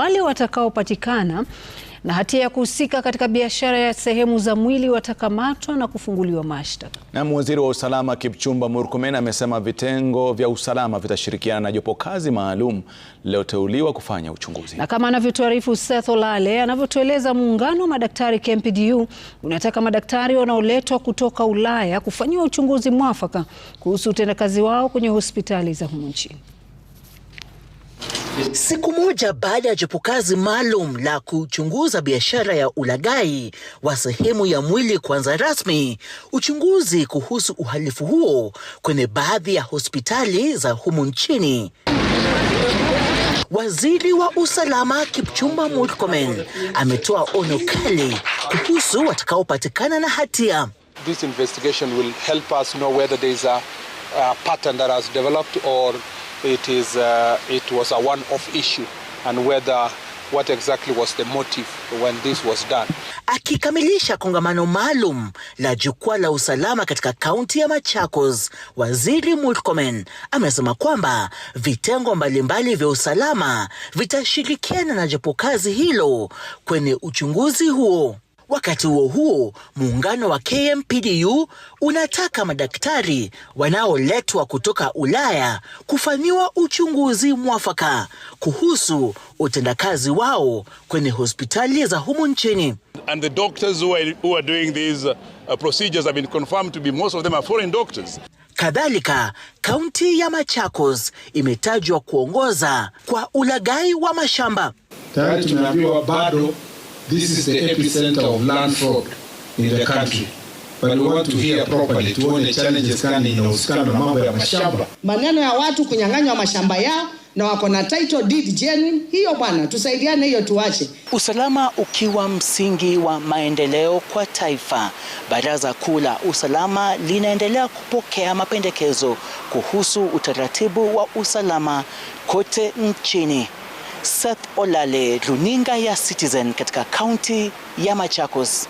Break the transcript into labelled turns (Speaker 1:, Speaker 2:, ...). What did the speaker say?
Speaker 1: Wale watakaopatikana na hatia ya kuhusika katika biashara ya sehemu za mwili watakamatwa na kufunguliwa mashtaka.
Speaker 2: Na waziri wa usalama Kipchumba Murkomen amesema vitengo vya usalama vitashirikiana na jopo kazi maalum lilioteuliwa kufanya uchunguzi. Na
Speaker 1: kama anavyotuarifu Seth Olale, anavyotueleza muungano wa madaktari KMPDU unataka madaktari wanaoletwa kutoka Ulaya kufanyiwa uchunguzi mwafaka kuhusu utendakazi wao kwenye hospitali za humu nchini. Siku moja baada ya kazi maalum la kuchunguza biashara ya ulagai wa sehemu ya mwili kuanza rasmi uchunguzi kuhusu uhalifu huo kwenye baadhi ya hospitali za humu nchini, Waziri wa usalama Kipchumba Murkomen ametoa onyo kali kuhusu watakaopatikana na hatia.
Speaker 3: This investigation will help us know whether there is a, a pattern that has developed or it, is, uh, it was a one-off issue and whether what exactly was the motive when this was done.
Speaker 1: Akikamilisha kongamano maalum la jukwaa la usalama katika kaunti ya Machakos, Waziri Murkomen amesema kwamba vitengo mbalimbali vya usalama vitashirikiana na jopo kazi hilo kwenye uchunguzi huo. Wakati huo huo, muungano wa KMPDU unataka madaktari wanaoletwa kutoka Ulaya kufanyiwa uchunguzi mwafaka kuhusu utendakazi wao kwenye hospitali za humu nchini.
Speaker 3: And the doctors who are, who are doing these uh, procedures have been confirmed to be most of them are foreign doctors.
Speaker 1: Kadhalika, kaunti ya Machakos imetajwa kuongoza kwa ulaghai wa mashamba.
Speaker 4: Tayari tumeambiwa bado This is the epicenter of land fraud in the country. But we want to hear properly, tuone challenges gani inahusikana na mambo ya mashamba,
Speaker 1: maneno ya watu kunyang'anywa mashamba yao na wako na title deed genuine. Hiyo bwana, tusaidiane hiyo, tuache. Usalama ukiwa msingi wa maendeleo kwa taifa, Baraza Kuu la Usalama linaendelea kupokea mapendekezo kuhusu utaratibu wa usalama kote nchini. Seth Olale, runinga ya Citizen katika kaunti ya Machakos.